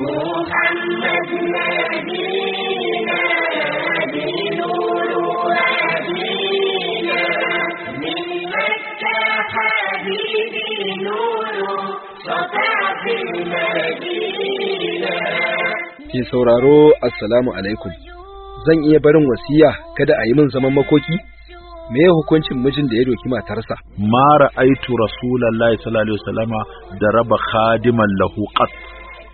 Ke sauraro Assalamu alaikum, zan iya barin wasiya kada a yi min zaman makoki? me ya hukuncin mijin da ya doki matarsa Mara aitu, rasulallah sallallahu alaihi da raba khadiman lahu qat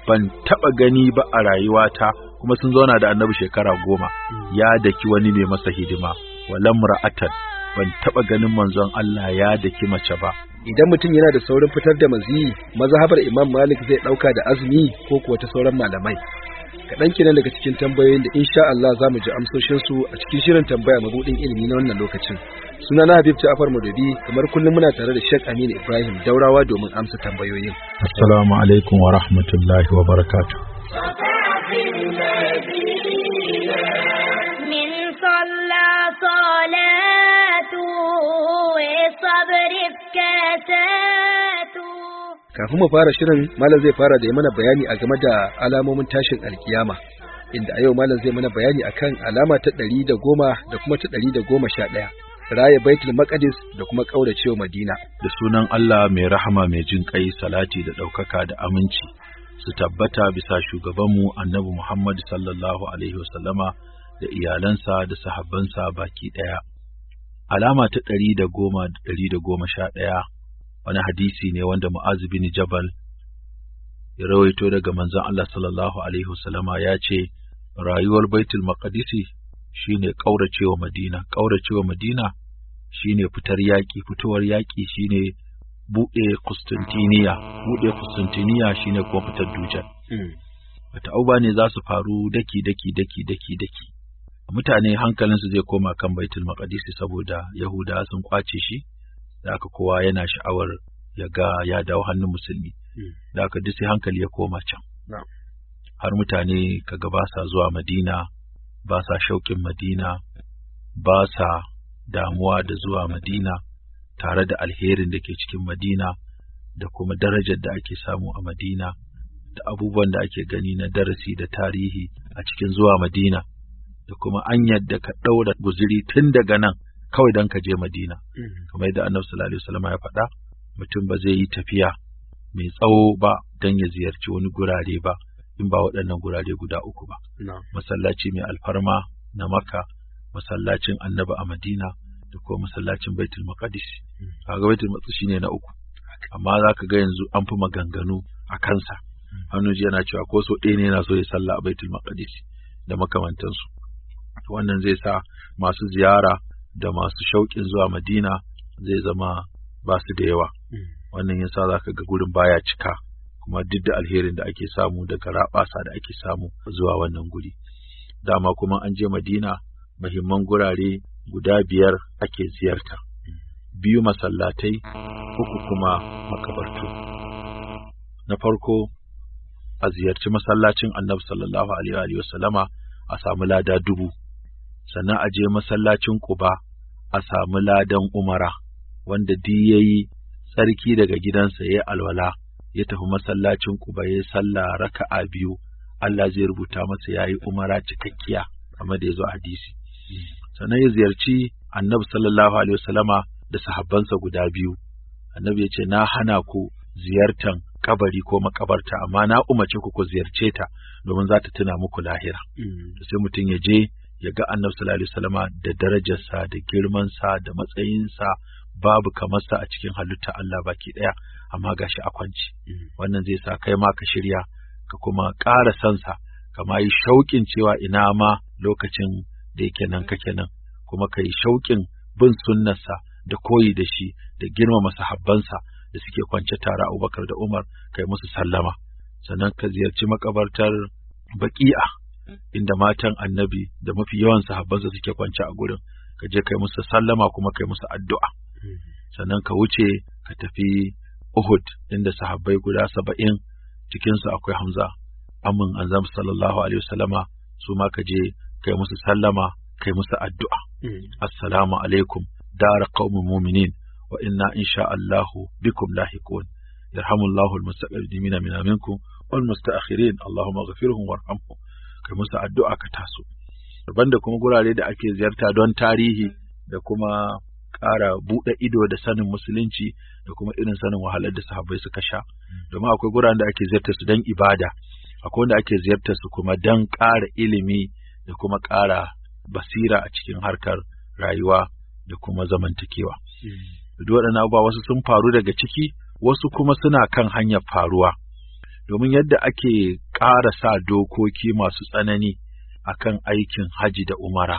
ban taba gani ba a rayuwata kuma sun zauna da annabi shekara goma ya daki wani mai masa hidima walam ra'atan ban taba ganin manzon Allah ya daki mace ba idan mutum yana da saurin fitar da mazi mazhabar Imam Malik zai dauka da azumi ko kuwa ta sauran malamai kaɗan kenan daga cikin tambayoyin da insha Allah za mu ji amsoshinsu a cikin shirin tambaya mabudin ilimi na wannan lokacin suna na habib ja'far madodi kamar kullum muna tare da shek aminu ibrahim daurawa domin amsa tambayoyin assalamu alaikum wa rahmatullahi wa barakatuh kafin mu fara shirin malam zai fara da mana bayani a game da alamomin tashin alkiyama inda a yau malam zai mana bayani akan alama ta ɗari da goma da kuma ta ɗari da goma sha ɗaya raya baitul maqdis da kuma kauracewa madina da sunan Allah mai rahama mai jin kai salati da daukaka da aminci su tabbata bisa shugabanmu annabi Muhammad sallallahu alaihi wasallama da iyalansa da sahabbansa baki daya alama ta ɗari da ɗaya wani hadisi ne wanda Mu'az bin Jabal ya rawaito daga manzon Allah sallallahu alaihi wasallama ya ce rayuwar baitul maqdisi shine kauracewa Madina, ƙauracewa Madina shine fitar yaƙi, fitowar yaƙi shine bude Kustantiniya, Bude Kustantiniya shine kuma fitar Dujal. Wata hmm. auba ne za su faru daki daki daki daki daki. Mutane hankalin su zai koma kan Baitul Maqdis saboda Yahuda sun kwace shi, da aka kowa yana sha'awar ya ga ya dawo hannun musulmi. Hmm. Da aka duk sai hankali ya koma can. Har mutane ka ba sa zuwa Madina ba sa shauƙin Madina, ba sa damuwa da zuwa Madina tare da alherin da ke cikin Madina da kuma darajar da ake samu a Madina da abubuwan da ake gani na darasi da tarihi a cikin zuwa Madina da kuma anyar da ka ɗaura guziri tun daga nan kawai don ka je Madina. Mm-hmm. Kamar yadda Annabi sallallahu alaihi wasallam ya faɗa, mutum ba zai yi tafiya mai tsawo ba don ya ziyarci wani gurare ba, in ba waɗannan gurare guda uku ba. Masallaci mai alfarma na Makka, masallacin Annabi a Madina da kuma masallacin Baitul Maqdis. Hmm. Kaga Baitul Maqdis shine na uku. Amma za ka ga yanzu an fi maganganu a kansa. Hmm. Hannu ji yana cewa ko so ɗaya ne yana so ya salla a Baitul Maqdis da makamantansu. Wannan zai sa masu ziyara da masu shauƙin zuwa Madina zai zama ba su da yawa. Hmm. Wannan yasa za ka ga gurin baya cika kuma duk da alherin da ake samu daga raɓasa da ake samu zuwa wannan guri. Dama kuma an je Madina mahimman gurare guda biyar ake ziyarta, biyu masallatai, uku kuma makabartu. Na farko, a ziyarci masallacin annabi sallallahu alaihi wasallama a samu lada dubu, sannan a je masallacin Quba a samu ladan umara, wanda duk yayi tsarki daga gidansa ya alwala. ya tafi masallacin Quba ya sallah raka'a biyu Allah zai rubuta masa yayi umara cikakkiya amma da yazo hadisi sannan ya ziyarci Annabi sallallahu alaihi wasallama da sahabbansa guda biyu Annabi ya ce na hana ku ziyartan kabari ko makabarta amma na umarce ku ku ziyarce ta domin za ta tuna muku lahira mm. sai mutum ya je ya ga Annabi sallallahu alaihi wasallama da darajarsa da girmansa da matsayinsa babu kamarsa a cikin halitta Allah baki ɗaya amma shi a kwanci mm. wannan zai sa kai ma ka shirya ka kuma ƙara sansa kama yi shauƙin cewa ina ma lokacin da yake nan mm. kake nan kuma ka yi shauƙin bin sunnarsa da koyi da shi da girmama sahabbansa da suke kwance tare Abubakar da Umar kai musu sallama sannan ka ziyarci makabartar Baqi'a mm. inda matan Annabi da mafi yawan sahabbansa suke kwance a gurin ka je kai musu sallama kuma kai musu addu'a sannan ka wuce ka tafi Uhud inda sahabbai guda saba'in cikinsu akwai Hamza, amin anzam sallallahu alaihi wasallama su ma ka je kai musu sallama kai musu addu'a. Hmm. Assalamu alaikum dara qaumin mu'minin wa inna insha Allahu bikum lahiqun. Yarhamullahu al min minkum wal mustaakhirin Allahumma ghafirhum warhamhum. Kai musu addu'a ka taso. Daban da kuma gurare da ake ziyarta don tarihi da kuma ƙara buɗe ido da sanin musulunci da kuma irin sanin wahalar da sahabbai suka sha hmm. domin akwai guraren da ake ziyartar su dan ibada akwai wanda ake ziyartar su kuma dan ƙara ilimi da kuma ƙara basira a cikin harkar rayuwa da kuma zamantakewa hmm. duk waɗannan abubuwa wasu sun faru daga ciki wasu kuma suna kan hanyar faruwa domin yadda ake ƙara sa dokoki masu tsanani akan aikin haji da umara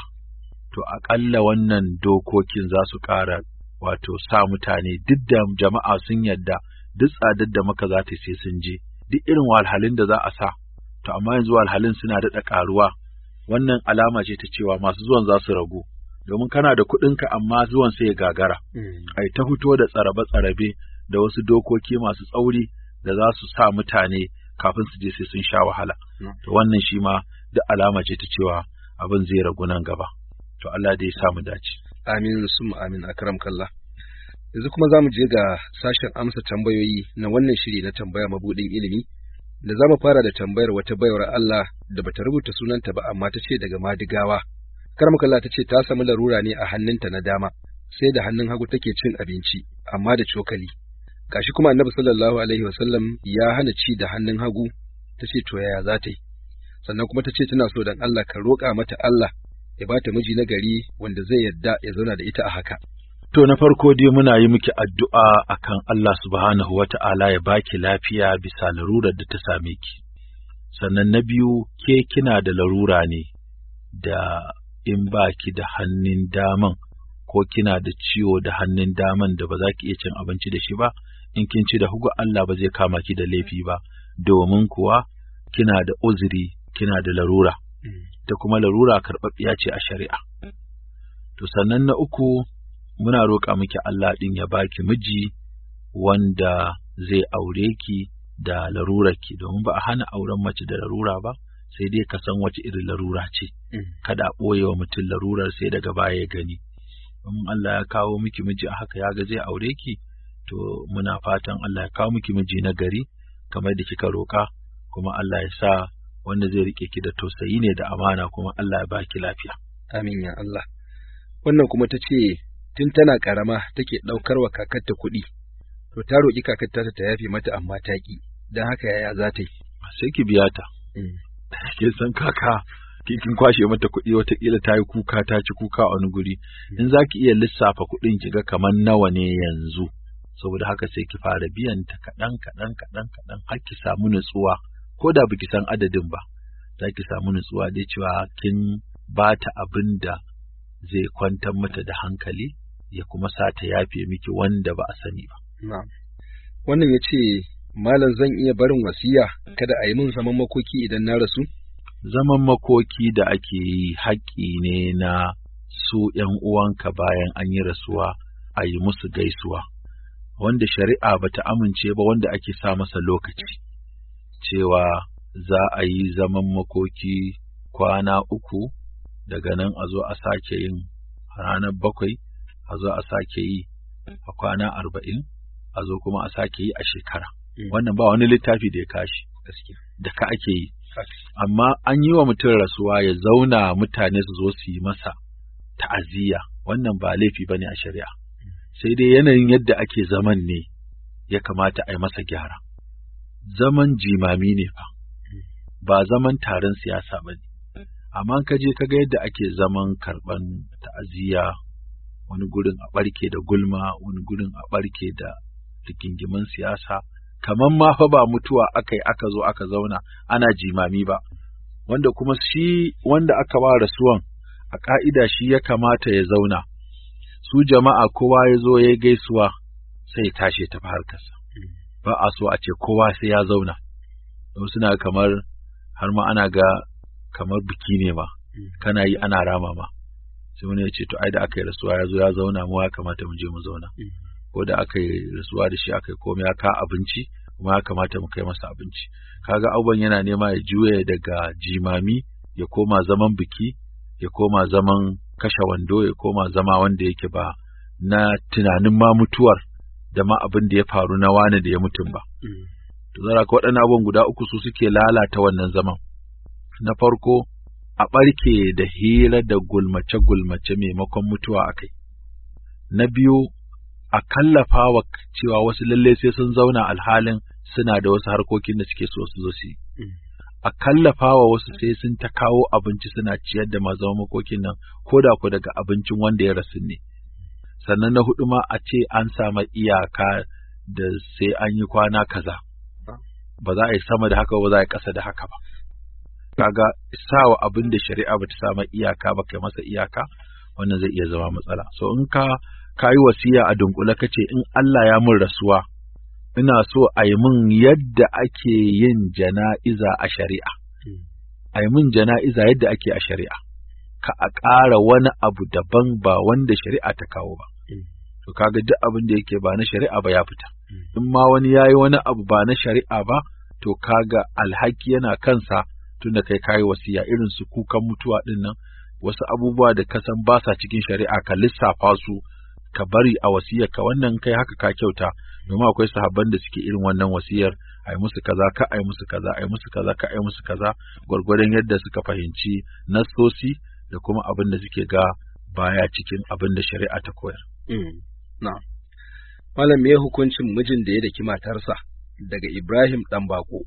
to aƙalla wannan dokokin za su ƙara wato sa mutane duk da jama'a sun yadda duk tsadar da maka za ta sai sun je duk irin walhalin da za a sa to amma yanzu walhalin suna daɗa ƙaruwa wannan alama ce ta cewa masu zuwan za su ragu domin kana da kuɗinka amma zuwan sai ya gagara hmm. ai ta fito da tsarabe-tsarabe da wasu dokoki masu tsauri da za su sa mutane kafin su je sai sun sha wahala hmm. to wannan shi ma duk alama ce ta cewa abin zai ragu nan gaba to Allah dai samu dace amin sum amin akram kallah yanzu kuma za mu je ga sashen amsa tambayoyi na wannan shiri na tambaya mabudin ilimi da za mu fara da tambayar wata baiwar Allah da bata rubuta sunanta ba amma ta ce daga madigawa karmakalla ta ce ta samu larura ne a hannunta na dama sai da hannun hagu take cin abinci amma da cokali gashi kuma annabi sallallahu alaihi wasallam ya hana ci da hannun hagu ta ce to yaya za ta yi sannan kuma ta ce tana so dan Allah ka roƙa mata Allah ya ba ta miji nagari wanda zai yadda ya zauna da ita a haka. To na farko dai muna yi miki addu'a akan Allah subhanahu wa ta'ala ya baki lafiya bisa larurar da ta same ki. Sannan na biyu ke kina da larura ne da in ba da hannun daman ko kina da ciwo da hannun daman da ba za ki iya cin abinci da shi ba, in kin ci da hugu Allah ba zai kama ki da laifi ba, domin kuwa kina da uzuri, kina da larura. Da kuma larura karɓaɓɓiya ce a shari'a. To sannan na uku muna roƙa miki Allah ɗin ya baki miji wanda zai aure ki da ki, domin ba a hana auren mace da larura ba sai dai ka san wace irin larura ce mm. kada a ɓoye wa mutum larurar sai daga baya ya gani in Allah ya kawo miki miji a haka ya ga zai aure ki to muna fatan Allah ya kawo miki miji na gari kamar da kika roƙa kuma Allah ya sa wanda zai rike ki da tausayi ne da amana kuma Allah ya baki lafiya amin ya Allah wannan kuma ta ce tun tana karama take ɗaukar wa kakarta kuɗi to ta roki kakarta ta yafe mata amma ta ki dan haka yaya za ta yi sai ki biya ta mm. ke san kaka kin kwashe mata kuɗi wataƙila ta yi kuka ta ci kuka a wani guri mm. in za ki iya lissafa kuɗin ki ga kamar nawa ne yanzu saboda haka sai ki fara biyan ta kaɗan kaɗan kaɗan kaɗan har ki samu nutsuwa ko da baki san adadin ba za ki samu nutsuwa dai cewa kin ba ta abin da zai kwantar mata da hankali ya kuma sa ta yafe miki wanda ba a sani ba. Wannan ya ce, Malam zan iya barin wasiya kada a yi min zaman makoki idan na rasu? Zaman makoki da ake yi haƙƙi ne na su ‘yan uwanka bayan an yi rasuwa a yi musu gaisuwa, wanda shari'a ba ta amince ba wanda ake sa masa lokaci. cewa za a yi zaman makoki kwana uku daga nan a zo a sake yin ranar bakwai a zo a sake yi a kwana arba'in a zo kuma a sake yi a shekara mm. wannan ba wani littafi da ya kashi da ka ake yi amma an yi wa mutum rasuwa ya zauna mutane su zo su yi masa ta'aziyya wannan ba laifi ba ne a shari'a mm. sai dai yanayin yadda ake zaman ne ya kamata a yi masa gyara zaman jimami ne fa mm. ba zaman taron siyasa ba ne amma ka je ka ga yadda ake zaman karban ta'aziyya wani gurin a barke da gulma wani gurin a barke da rigingimin siyasa kamar ma fa ba mutuwa aka yi aka zo aka zauna ana jimami ba wanda kuma shi wanda aka ba rasuwan a ƙa'ida shi ya kamata ya zauna su jama'a kowa ya zo ya gaisuwa sai ya tashi ta harkarsa ba a so a ce kowa sai ya zauna don suna kamar har ma ana ga kamar biki ne ma kana yi ana rama ma sai wani ya ce to ai da aka yi rasuwa ya zo ya zauna mu ya kamata mu je mu zauna ko da aka yi rasuwa da shi aka yi komai ya ka abinci kuma ya kamata mu kai masa abinci kaga abubuwan yana nema ya juya daga jimami ya koma zaman biki ya koma zaman kashe wando ya koma zama wanda yake ba na tunanin ma mutuwar da ma abin da ya faru na wani da ya mutum ba. Mm. To zara ka waɗannan abubuwan guda uku su suke lalata wannan zaman. Na farko a ɓarke da hira da gulmace-gulmace maimakon mutuwa a kai. Na biyu a kallafa wa cewa wasu lallai sai sun zauna alhalin suna da wasu harkokin da suke so su zo su yi. Mm. A kallafa wa wasu sai sun ta kawo abinci suna ciyar da zama makokin nan ko da ku daga abincin wanda ya rasu ne. sannan na hudu ma a ce an samu iyaka da sai an yi kwana kaza ba za a yi sama da haka ba za a yi ƙasa da haka ba kaga sawa abin da shari'a ba ta sami iyaka ba kai masa iyaka wannan zai iya zama matsala so in ka kayi yi wasiya a dunkule ka ce in Allah ya mun rasuwa ina so a yi min yadda ake yin jana'iza a shari'a a yi min jana'iza yadda ake a shari'a ka a ƙara wani abu daban ba wanda shari'a ta kawo ba Mm. to kaga duk abin da yake ba na shari'a ba ya fita mm. in ma wani yayi wani abu ba na shari'a ba to kaga alhaki yana kansa tunda kai kayi wasiya irin su kukan mutuwa din nan wasu abubuwa da ka san ba sa cikin shari'a ka lissafa su ka bari a wasiyar ka wannan kai haka ka kyauta domin akwai sahabban da suke irin wannan wasiyar ai musu kaza ka ai musu kaza ai musu kaza ka ai musu kaza gwargwadon yadda suka fahimci nasosi da kuma abin da suke ga baya cikin abin da shari'a ta koyar Mm. malam me hukuncin mijin da ya daki matarsa daga Ibrahim ɗan bako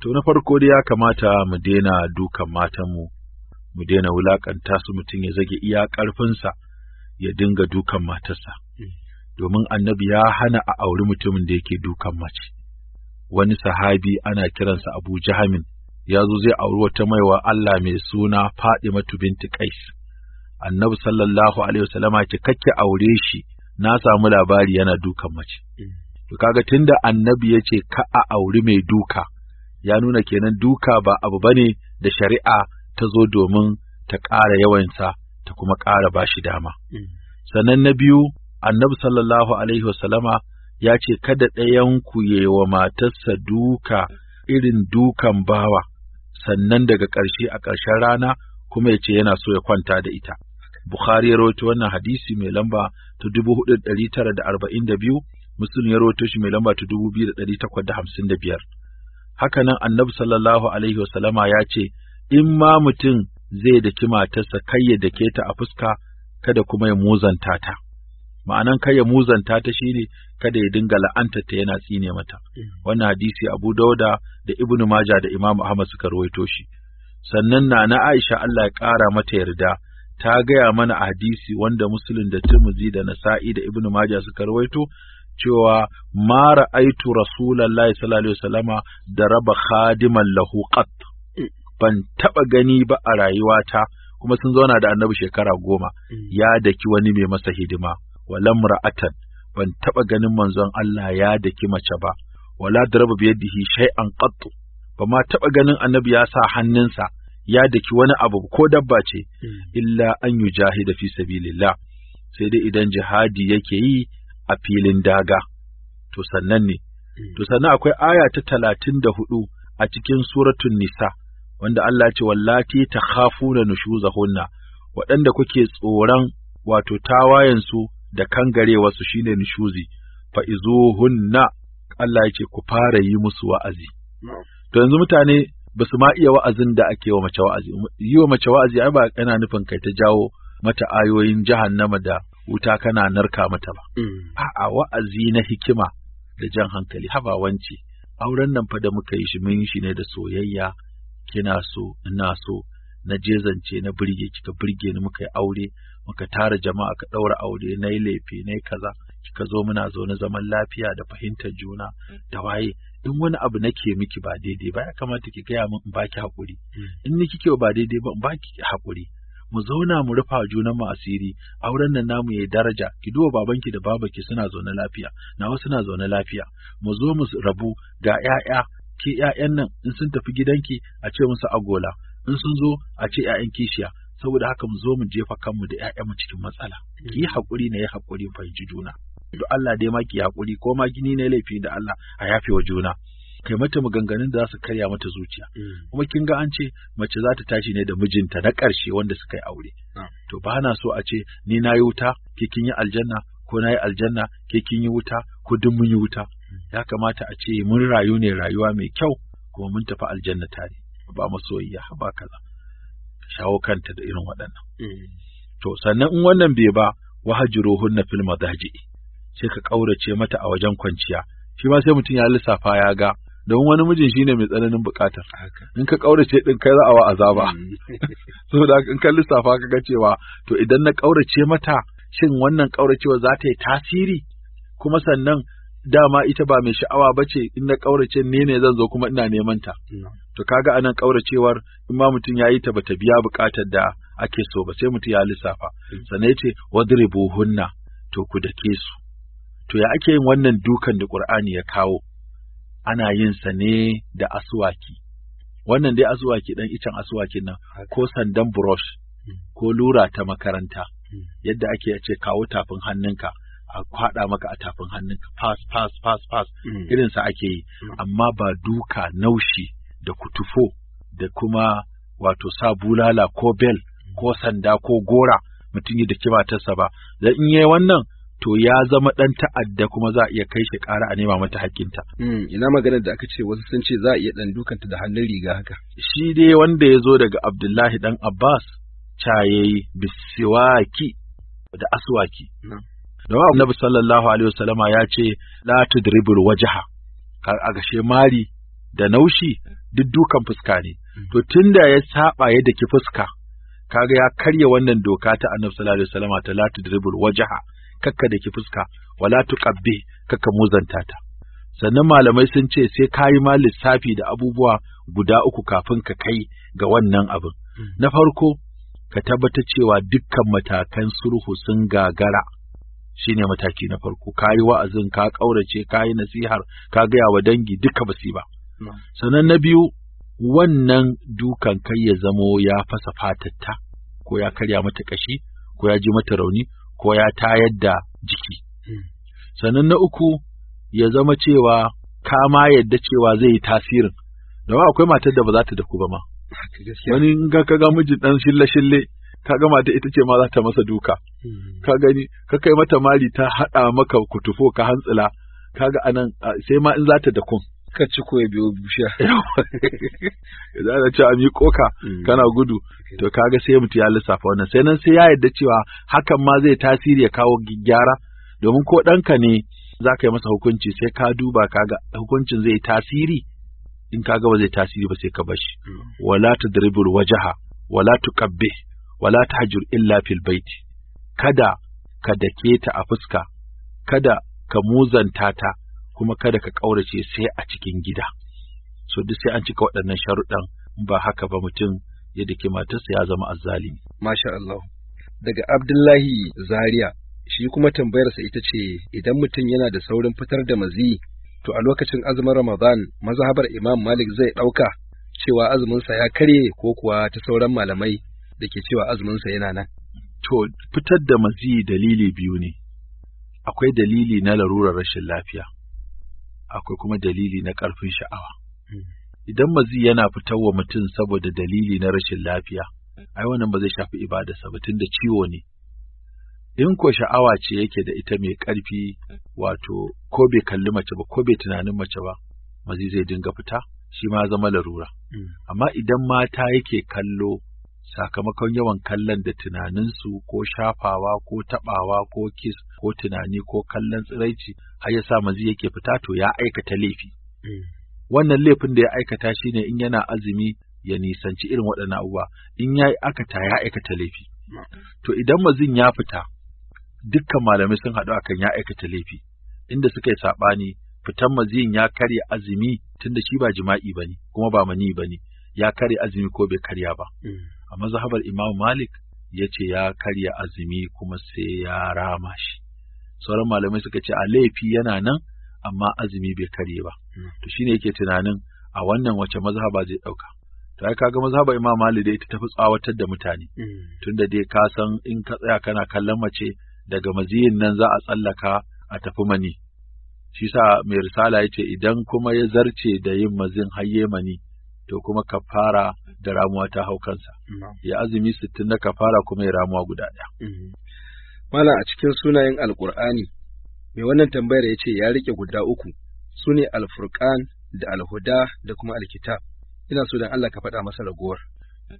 to na farko dai ya kamata mu daina dukan matanmu mu daina wulaƙanta su mutum ya zage iya ƙarfinsa ya dinga dukan matarsa mm. domin annabi ya hana a auri mutumin da yake dukan mace wani sahabi ana kiransa Abu Jahamin ya zo zai auri wata maiwa Allah mai suna Fadimatu binti Qais annabi sallallahu alaihi wasallama kake aure shi na samu labari yana dukan mace mm. to kaga tunda annabi yace ka a auri mai duka ya nuna kenan duka ba abu bane da shari'a ta zo domin ta ƙara yawansa ta kuma ƙara ba shi dama mm. sannan na biyu annabi sallallahu alaihi wasallama ya ce kada ɗayan ku yi matarsa duka irin dukan bawa, sannan daga ƙarshe a ƙarshen rana kuma ya ce yana so ya kwanta da ita. Bukhari ya rawaito wannan hadisi mai lamba ta 4942, Muslim ya rawaito shi mai lamba ta 2855. Haka nan Annabi sallallahu alaihi sallama ya ce, in ma mutum zai daki matarsa kai ya dake ta a fuska, kada kuma ya muzanta ta. Ma'anan kai ya muzanta ta shine kada ya dinga la'anta ta yana tsine mata. Wannan hadisi Abu Dauda da Ibn Majah da Imam Ahmad suka rawaito shi. Sannan na na Aisha Allah ya ƙara mata yarda ta gaya mana a hadisi wanda Musulun da tirmizi da Nasa'i da ibnu Majah suka rawaito cewa ma ra'aitu Rasulullahi sallallahu alaihi wasallama da raba khadiman lahu qat ban taba gani ba a rayuwata kuma sun zauna da Annabi shekara goma mm. ya daki wani mai masa hidima walam ra'atan ban taba ganin manzon Allah ya daki mace ba wala daraba biyadihi shay'an qat ba ma taba ganin Annabi ya sa hannunsa ya daki wani abu ko dabba ce hmm. illa an yujahida fi sabilillah sai dai idan jihadi yake yi a filin daga to sannan ne hmm. to sannan akwai aya ta talatin da hudu a cikin suratun nisa wanda Allah ce wallati ta khafuna nushuzahunna waɗanda kuke tsoron wato tawayensu da wasu shine nushuzi fa izuhunna Allah ce ku fara yi musu wa'azi to yanzu mutane ba su ma iya wa'azin da ake wa mace wa'azi yi wa mace wa'azi ai ba kana nufin kai ta jawo mata ayoyin jahannama da wuta kana narka mata ba mm. a'a wa'azi na hikima da jan hankali haba wance auren nan fa da muka yi shi mun shi ne da soyayya kina so ina so na jezance na birge kika birge ni muka yi aure muka tara jama'a ka daura aure na yi laifi na kaza kika zo muna zo na zaman lafiya da fahimtar juna da waye in wani abu nake miki ba daidai ba ya kamata ki gaya min in baki hakuri hmm. in ni kike ba daidai ba in baki hakuri mu zauna mu rufa junan mu asiri auren nan namu yayi daraja ki duba babanki da babanki suna zaune lafiya nawa suna zaune lafiya mu zo mu rabu ga ƴaƴa ke ƴaƴan nan in sun tafi gidanki a ce musu agola in sun zo a ce 'ya'yan kishiya saboda haka mu zo mu jefa kanmu da mu cikin matsala ki yi haƙuri na yi haƙuri fahimci juna duk Allah dai maki hakuri ko ma gini ne laifi da Allah a yafe wa juna kai mata maganganun da za su karya mata zuciya mm. kuma kin ga an ce mace za ta tashi ne da mijinta na ƙarshe wanda suka yi aure to ba na so a ce ni na yi wuta ke kin yi aljanna ko na yi aljanna ke kin yi wuta ko duk mun yi wuta mm. ya kamata a ce mun rayu ne rayuwa mai kyau kuma mun tafi aljanna tare ba masoyiya ba kaza shawo kanta da irin waɗannan mm. to sannan in wannan bai ba wahajiruhunna fil madaji'i sai ka kaurace mata a wajen kwanciya shi ma sai mutum ya lissafa ya ga Don wani mijin shine mai tsananin bukatar in ka ƙaurace din kai za a wa azaba mm. saboda in ka lissafa ka ga cewa to idan na kaurace mata shin wannan ƙauracewa za ta yi tasiri kuma sannan dama ita ba mai sha'awa ba ce in na ƙaurace ne ne zan zo kuma ina neman ta. To kaga anan kauracewar in ma mutum ya yi ta bata biya bukatar da ake so ba sai mutum ya lissafa. Mm. Sannan ya ce wadribuhunna to ku dake su. To ya ake yin wannan dukan da Qur'ani ya kawo? Ana yin sa ne da aswaki. Wannan dai aswaki dan icen aswakin nan ko sandan brush hmm. ko lura ta makaranta. Hmm. Yadda ake ce kawo tafin hannunka. a kwaɗa maka a tafin hannunka pass pass pass hmm. pass irin irinsa ake yi amma ba duka naushi da kutufo da kuma wato sa bulala ko bel ko sanda ko gora mutum yi da kibatarsa ba da in yayi wannan to ya zama ɗan ta'adda kuma za a iya kai shi ƙara a nema mata hakkinta hmm, Ina maganar da aka ce wasu sun ce za a iya ɗan dukanta da hannun riga haka. Shi dai wanda ya zo daga Abdullahi dan Abbas cayayi bisiwaki da aswaki. wa Annabi sallallahu alaihi wasallama ya ce la tudribul wajha kar a gashe mari da naushi duk dukan fuska ne. Hmm. To tunda ya saba yadda ki fuska kaga ya karya wannan doka ta Annabi sallallahu alaihi wasallama ta la tudribul wajha kakka daki fuska wala tuqabbi kakka muzanta ta sannan malamai sun ce sai kayi ma lissafi da abubuwa guda uku kafin ka kai ga wannan abin hmm. na farko ka tabbata cewa dukkan matakan sulhu sun gagara shine mataki na farko kayi wa'azin ka kaurace kayi nasihar ka gaya wa dangi duka basi ba sannan na biyu wannan dukan kai ya zamo ya fasa fatatta ko ya karya mata kashi ko ya ji mata rauni ko ya tayar da jiki hmm. sannan na uku ya zama cewa kama ma yadda cewa zai yi tasirin domin akwai matar da ba za ta daku ba ma wani in ka ga miji ɗan shille shille ka ga mata ita ce ma za ta masa duka hmm. ka gani ka kai mata mali ta haɗa maka kutufo ka hantsila Ka ga anan sai ma in za ta kun. ka ci ko ya biyo bishiya idan da cewa mi koka mm. kana gudu to kaga sai mutum ya lissafa wannan sai nan sai ya yadda cewa hakan ma zai tasiri ya kawo gyara domin ko ɗanka ne za ka yi masa hukunci sai ka duba kaga hukuncin zai tasiri in kaga ba zai tasiri ba sai ka bashi mm. wala tadribul wajaha wala tuqabbih wala tahjur illa fil baiti kada ka dake ta a fuska kada ka muzanta ta kuma kada ka ƙaurace sai a cikin gida so duk sai an cika waɗannan sharuɗan ba haka ba mutum ya dake matarsa ya zama azzalimi masha Allah daga Abdullahi Zaria shi kuma tambayarsa ita ce idan mutum yana da saurin fitar da mazi to a lokacin azumin Ramadan mazhabar Imam Malik zai ɗauka cewa azuminsa ya karye ko kuwa ta sauran malamai da ke cewa azuminsa yana nan. To fitar da mazi dalili biyu ne, akwai dalili na larurar rashin lafiya, akwai kuma dalili na ƙarfin sha'awa. Hmm. Idan mazi yana fitar wa mutum saboda dalili na rashin lafiya, ai wannan ba zai shafi ibadarsa ba da ciwo ne. In ko sha'awa ce yake da ita mai ƙarfi wato ko bai kalli mace ba ko bai tunanin mace ba, mazi zai dinga fita shi ma zama larura. Hmm. Amma idan mata yake kallo sakamakon yawan kallon da tunaninsu ko shafawa ko taɓawa ko kis ko tunani ko kallon tsiraici har yasa sa yake fita to ya aikata laifi. Mm. Wannan laifin da ya aikata shi ne in yana azumi ya nisanci irin waɗannan abubuwa in ya aikata ya aikata laifi. To idan mazin ya fita dukkan malamai sun haɗu akan ya aikata laifi inda suka yi saɓani fitan maziyin ya karya azumi tunda shi ba jima'i ba ne kuma ba mani ba ne ya karya azumi ko bai karya ba. Mm. a mazhabar Imam Malik ya ce ya karya azumi kuma sai ya rama shi sauran malamai suka ce a laifi yana nan amma azumi bai karye ba to shine yake tunanin a wannan wace mazhaba zai dauka to ai kaga mazhabar Imam Malik dai ta tafi tsawatar da mutane hmm. tunda dai ka san in ka tsaya kana kallon mace daga maziyin nan za a tsallaka a tafi mani shi sa mai risala ya ce idan kuma ya zarce da yin mazin hayye mani to kuma kafara da ramuwa ta hau kansa ya azumi sittin na kafara kuma ya ramuwa guda ɗaya mhm. mala a cikin sunayen alkur'ani mai wannan tambayar ya ce ya riƙe guda uku su ne alfurkan da alhuda da kuma alkitab ina so dan Allah ka faɗa masa ragowar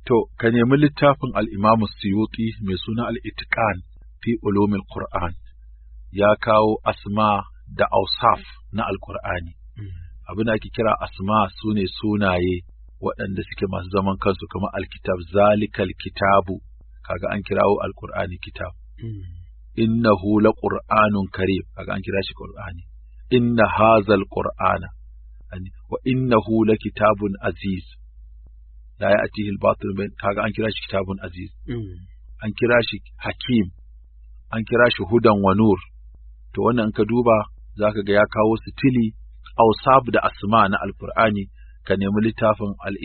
to ka nemi littafin alimamu Siyoti mai suna al fi ulumil Qur'an ya kawo asma da ausaf na alkur'ani mhm. abin da ake kira asma sune sunaye waɗanda suke masu zaman kansu kamar alkitab zalikal kitabu kaga an kirawo alqur'ani kitab innahu laqur'anun karim kaga an kira shi qur'ani inna hazal qur'ana wa innahu lakitabun aziz la ya'tihi al-batil kaga an kira shi kitabun aziz an kira shi hakim an kira shi hudan wa nur to wannan in ka duba zaka ga ya kawo sitili awsab da asma na alqur'ani ka nemi littafin al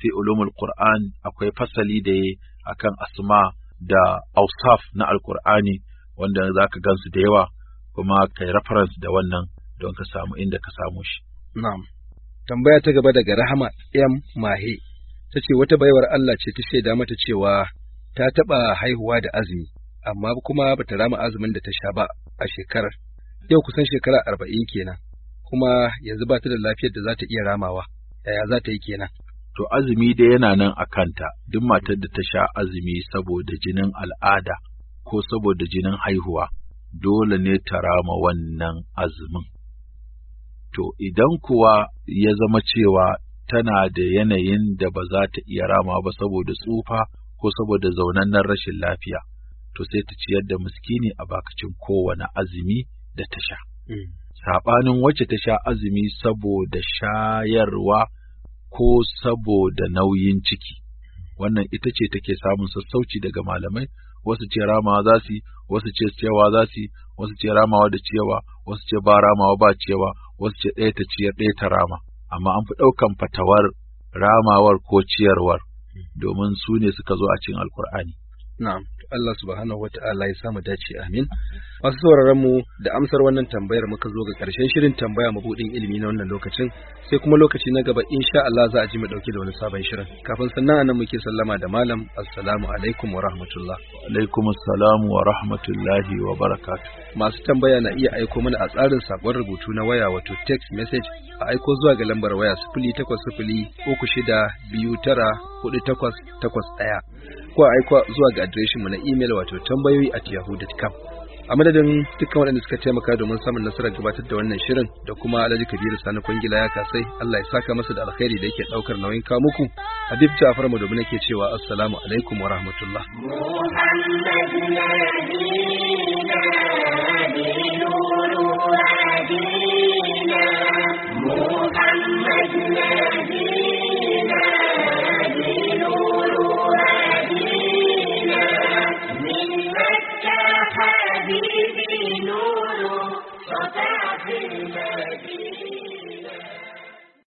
fi ulumul qur'an akwai fasali da a akan asma da ausaf na alƙur'ani wanda za zaka gansu da yawa kuma kai reference da wannan don ka samu inda ka samu shi na'am tambaya ta gaba daga Rahama M Mahe ta ce wata baiwar Allah ce ta shaida mata cewa ta taɓa haihuwa da azumi amma kuma bata rama azumin da ta sha ba a shekarar yau kusan shekara arba'in kenan kuma yanzu ba ta da lafiyar da za ta iya ramawa yaya za ta yi kenan to azumi da yana nan a kanta duk matar da ta sha azumi saboda jinin al'ada ko saboda jinin haihuwa dole ne ta rama wannan azumin to idan kuwa ya zama cewa tana da yanayin da ba za ta iya rama ba saboda tsufa ko saboda zaunan nan rashin lafiya to sai ta ciyar da miskini a bakacin kowane azumi da ta sha. Hmm. saɓanin wacce ta sha azumi saboda shayarwa ko saboda nauyin ciki. Wannan ita ce take samun sassauci daga malamai, wasu ce ramawa za su yi, wasu ce ciyawa za su yi, wasu ce ramawa da ciyawa, wasu ce ba ramawa ba ciyawa, wasu ce ɗaya ta ciyar ɗaya ta rama. Amma an fi ɗaukan fatawar ramawar ko ciyarwar, domin su ne suka zo a cikin Alƙur'ani. Na'am. Allah subhanahu wata'ala ya samu dace amin masu sauraron mu da amsar wannan tambayar muka zo ga karshen shirin tambaya mabudin ilimi na wannan lokacin sai kuma lokaci na gaba insha Allah za a ji mu dauke da wani sabon shirin kafin sannan anan muke sallama da malam assalamu alaikum wa rahmatullah alaikum assalam wa rahmatullahi wa barakatuh masu tambaya na iya aiko mana a tsarin sakon rubutu na waya wato text message a aiko zuwa ga lambar waya 0803 shida biyu tara ɗaya ko a aika zuwa ga adireshin mu na imel wato tambayoyi at yahoo.com a madadin dukkan waɗanda suka taimaka domin samun nasarar gabatar da wannan shirin da kuma alhaji kabiru sani kwangila ya kasai allah ya saka masa da alkhairi da yake ɗaukar nauyin kawo muku habib ja'far mu domin yake cewa assalamu alaikum wa rahmatullah محمد نبينا نوره شفع في المدينة